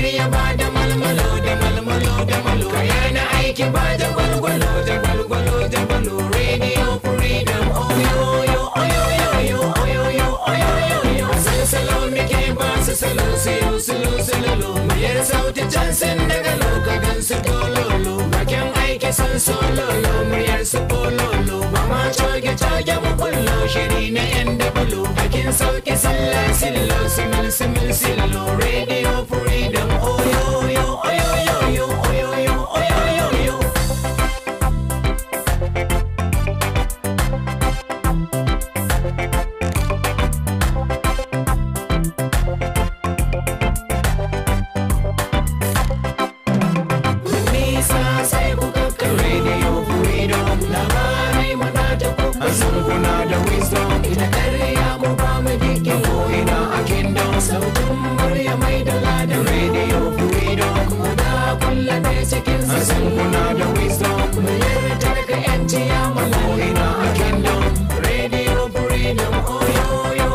Kar ba da malmalo da malmalo da malo Kaya na aiki ba da gwalgwalo da gwalgwalo da malo Radio freedom oyo oyo oyo oyo oyo oyo oyo oyo San salo muke ba su salo siyo silo silolo Mayar sauti can daga loka gan su dololo Bakin aiki sun sololo muryar su pololo Mama goge makullo shiri na yan dabalu bakin sauki sallah sillo simil simil sillo radio freedom oyo oh, na da wisdom ita ƙarya ko ba mu dike ina a kingdom sautin murya mai da lada radio freedom muna kulle ne cikin sassan da wisdom mu yarda yanci ya mala ina a kingdom radio freedom yo yo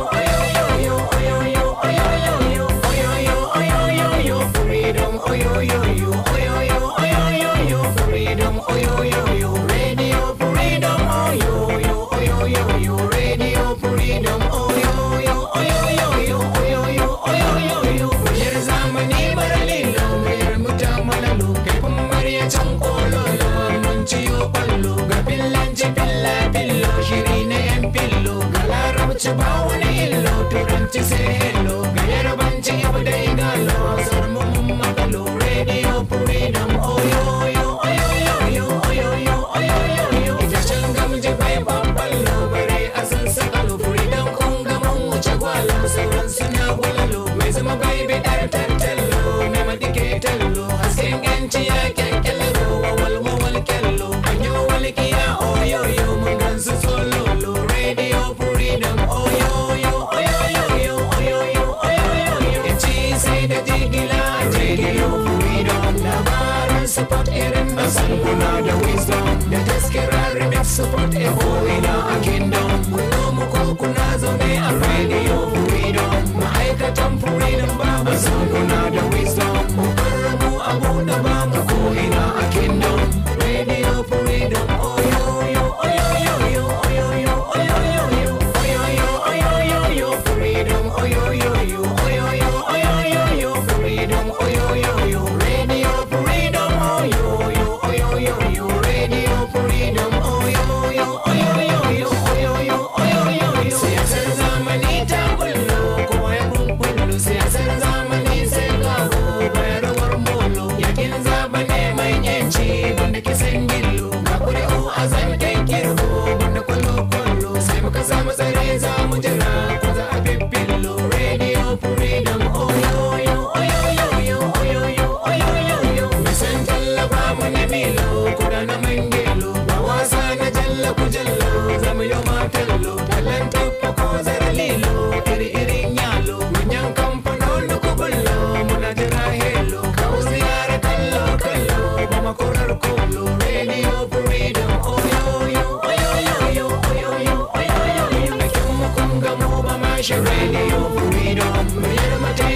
support it Erem Basan Kuna the wisdom The Teskera remix support it Evolina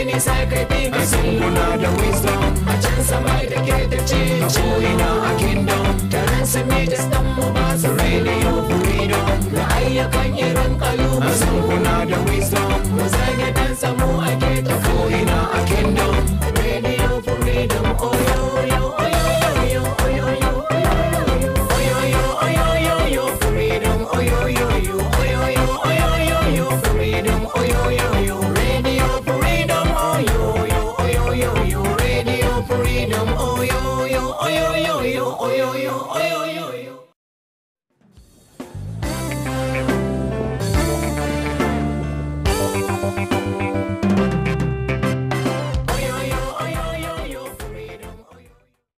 Ni sai kai fi ka sunguna da wisdom a can sama da ke ta ce a ko'ina a kingdom taron su mi da stan ba su